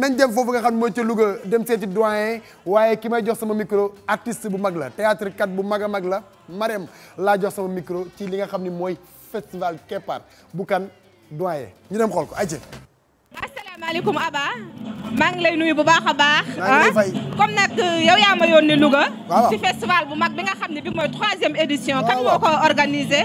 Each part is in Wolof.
nañ dem foofu nga xam ne mooy ca Louga dem seeti doyen waaye ki may jox sama micro artiste bu mag la théâtre kat bu mag a mag la Marème laa jox sama micro ci li nga xam ne mooy festival Kepar bu kan doyen ñu dem xool ko ayca. asalaamaaleykum Aba maa ngi lay nuyu bu baax a baax. Ah, comme nag euh, yow yaa ma yónni Louga. ci festival bu mag bi nga xam ne bi mooy troisième édition. kan moo ko organisé.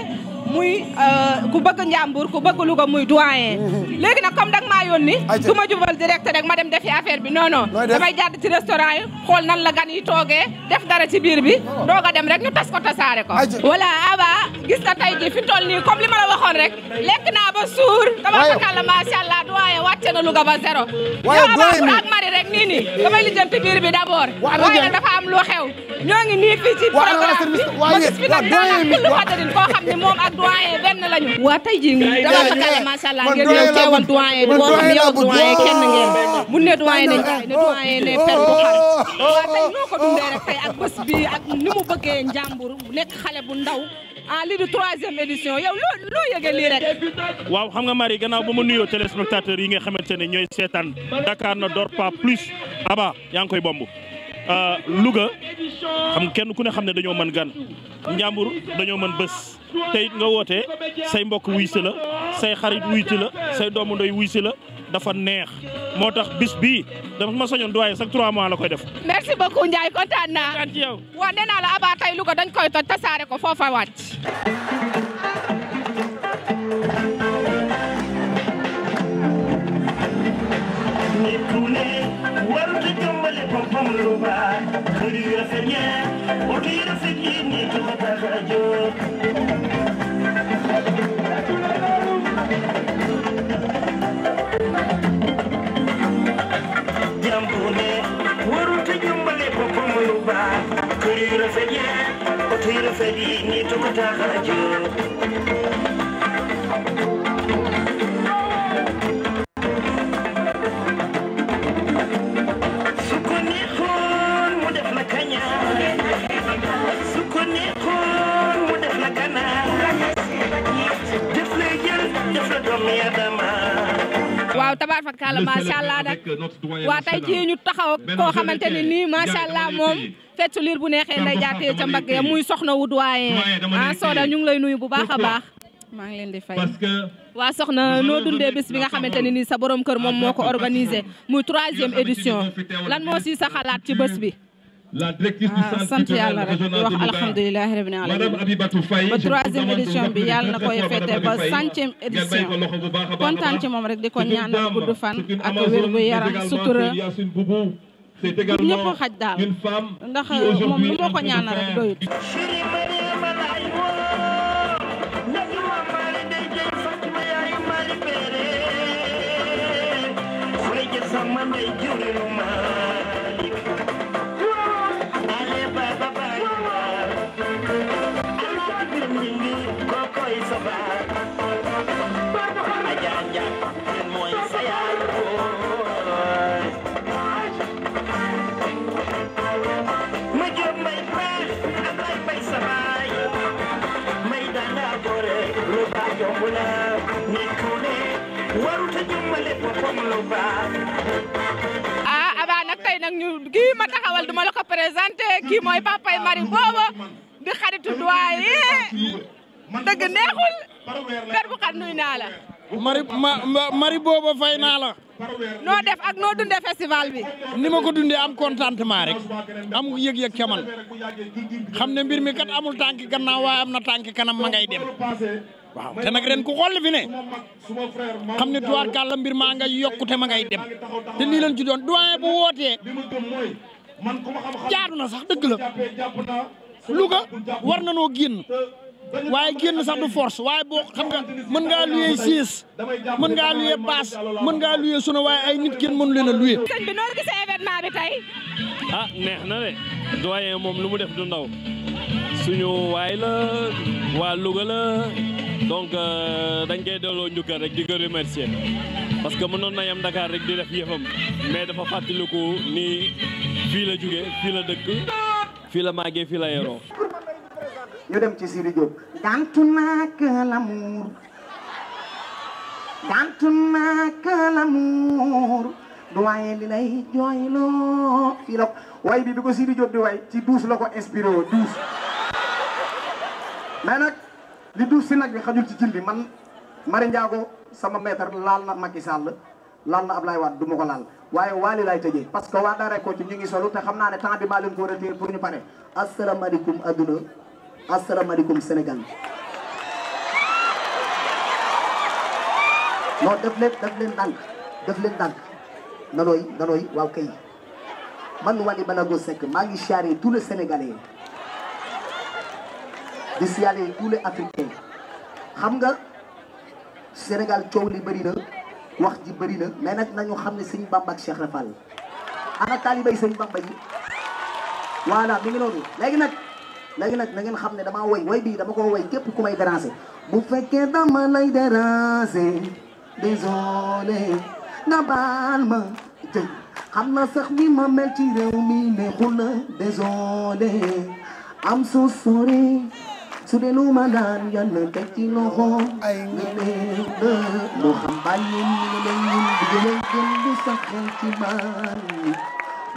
muy euh, ku bëgg njàmbur ku bëgg Louga muy doyen. Mm-hmm. léegi nag comme danga maa yónni. ayca du ma jubal direct rek ma dem defi affaire bi non non. damay jàdd ci restaurant yi xool nan la gan yi toogee def dara ci biir bi. Oh. doog a dem rek ñu tas ko tasaare ko. voilà Aba gis nga tey jii fi toll nii comme li ma la waxoon rek. lekk naa ba suur. dama fakal macha allah doyen wàcce na Louga ba zéro. waaye doyen bi ñu Aba ak Marie rek nii nii damay lijjanti biir bi d' abord. waaye dafa lu xew ñoo ngi nii fii ci programme bi kullu xadarin koo xam ne moom ak doyen benn lañu. waa tey jii dama takkale macha allah ngeen ñëw teewal doyen bi boo xam yow doyen kenn ngeen mu ne doyen ne doyen oh, bu oh, xar oh, waa tey noo ko dundee rek tey ak bés bi ak ni mu bëggee njàmbur nekk xale bu ndaw ah lii di troisième édition yow loo loo yëgee waaw xam nga Marie gannaaw ba ma nuyoo téléspectateurs yi nga xamante ne ñooy seetaan Dakar ne dort pas Euh, Louga am kenn ku ne xam ne dañoo mën gan njàmbur dañoo mën bés te it nga woote say mbokk wuy si la say xarit wuy si la say doomu ndoy wuy si la dafa neex moo tax bis bi dafa ma soñoon doyen chaque trois mois la koy def. merci beaucoup Ndiaye kontaan naa kontaan naa la Aba tey dañ koy toj tasaare ko foofa wàcc. nit dimbale boppam lu baax kër yu rafet ñee oto yu rafet yi ñi ko fa tax a jóg jàmbu ne warul te dimbale boppam lu baax kër yu rafet ñee oto yu rafet yi ñi ko tax a jóg taala macha allah euh, nag waa tey jii ñu taxaw koo xamante ne nii macha allah moom feccu liir bu neexee nday jaatee ca mbagg ya muy soxna wu doyen ah Soda ñu ngi lay nuyu bu baax a baax. maa ngi leen di fay waa soxna noo dundee bis bi nga xamante ne nii sa borom kër moom moo ko organisé muy troisième édition lan moo si sa xalaat ci bés bi. la directrice du ah, centre culturel régional wax alhamdulilah rabbil alamin ba troisième édition bi yàlla na koy fête ba centième édition kontaan ci moom rek di ko ñaanal gudd fan ak wér gu yaram sutura ñëpp xaj daal ndax euh, moom lu moo ko ñaanal rek doyut ñu kii ma taxawal duma la ko présenté kii mooy papay mari booba di xaritu doyen dëgg neexul per bu xat nuy naa la mari mari booba fay naa la noo def ak noo dundee festival bi ni ma ko dundee am contentement rek am yëg-yëg ca man xam ne mbir mi kat amul tànki gannaaw waaye am na tànki kanam ma ngay dem waaw te nag ren ku xool fi ne xam ne duwaar kàlla mbir maa nga yokkute ma ngay dem te lii leen ci doon doyen bu wootee jaadu na sax dëgg la Louga war na noo génn waaye génn sax du force waaye boo xam nga mën ngaa luyee siis mën ngaa luyee baas mën ngaa luyee suna waaye ay nit kenn mënu leen a luyee. sëñ bi noo ah, neex na de doyen moom lu mu def du ndaw suñu waay la waa Louga la. donc euh, dañ koy delloo njukkal rek di ko parce que mënoon na yem Dakar rek di def yëfam mais dafa fàttaliku ni fii la jóge fii la dëkk fii la màggee fii la yoroo ñu dem ci Sidi Diop gantu naa que l'amour gantu naa jooyloo fii la way bi bi ko Sidi Diop di ci douze la ko inspiré woo douze li du si nag bi xajul ci jën bi man Mari Ndiago sama maître laal na Macky Sall laal na Ablaye Wade du ma ko laal waaye waali laay tëjee parce que waa Daaray Kocc ñu ngi solu te xam naa ne temps bi maa leen ko retenir pour ñu pare asalaamaaleykum adduna asalaamaaleykum Sénégal non def leen def leen ndànk def leen ndànk nanooy nanooy waaw kay man Waly Balago Seck maa ngi charré tout le Sénégalais di signaler tous les Africains xam nga Sénégal coow li bëri na wax ji bëri na mais nag nañu xam ne sëñ Bamba ak Cheikh Rafal ana taalibay sëñ Bamba yi voilà mi ngi noonu léegi nag léegi nag na ngeen xam ne damaa woy woy bii dama ko way képp ku may déranger bu fekkee dama lay déranger désolé nga baal ma jëj xam na sax ni ma mel ci réew mi neexul la désolé am so sorry su dee lu ma daan yal na teg ci loxo ay ngëneel mu xam bàyyi ñu ne ñun bu jëlee gën bu sax ci man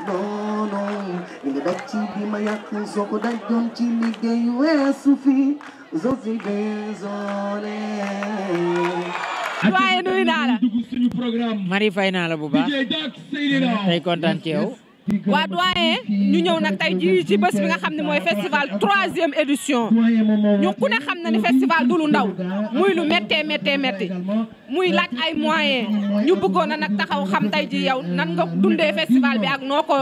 non non li nga daj ci bi ma yàq soo daj doon ci liggéey weesu fi je suis désolé. waaye nuyu naa la. Marie fay naa la bu baax. tey kontaan ci yow. waa ñu ñëw nag tey ji ci bés bi nga xam ne mooy festival troisième édition ñu ku xam na ne festival du lu ndaw muy lu méttee méttee métti muy laaj ay moyens ñu bëggoon a nag taxaw xam tey ji yow nan nga dundee festival bi ak noo ko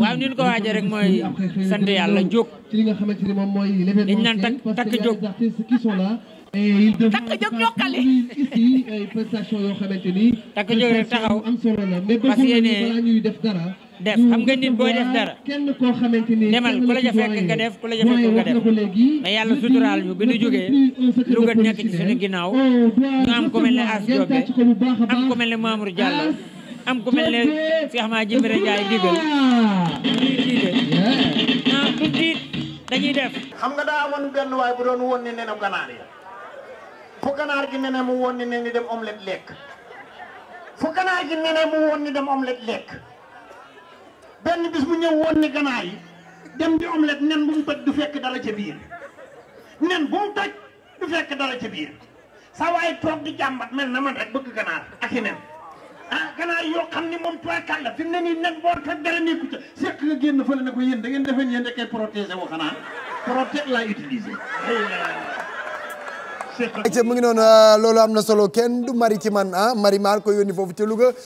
waaw ni ñu ko waajee rek mooy sant yàlla jóg dañ naan takk takk jóg takk jóg ñokkali ay prestation yoo xamante ni takk jóg rek taxaw am solo la mais parce que balaa ñuy def dara def xam nga nit booy def dara kenn koo xamante ni demal ku la ja fekk nga def ku la ja fekk nga def mais yàlla suturaal ñu bi ñu jógee lu nga nekk ci suñu ginnaaw ñu am ku mel ne As Diop am ku mel ne Mamour Diallo am ku mel ne Cheikh Ahmad Jimbira Ndiaye digal ah du tiit dañuy nga daa amoon benn waay bu doon woon ne nenam ganaar ya fu ganaar gi nene mu woon ni ne ñu dem omelette lekk fu ganaar gi nene mu woon ni dem omelette lekk benn bis mu ñëw woon ni ganaar yi dem di omelette nen bu mu toj du fekk dara ca biir nen bu mu toj du fekk dara ca biir saa waaye toog di jàmbat mel na man rek bëgg ganaar ak i nen ah ganaar yoo xam ni moom tookal la fi mu ne nii nen boo toj dara nekku ca sekk nga génn fële ne ko yéen da ngeen defe yéen da koy protégé wu xanaa protège laa utiliser ayca mu ngi noonu ah, loolu am na solo kenn du mari ci man ah mari maa ko yónni foofu ca Louga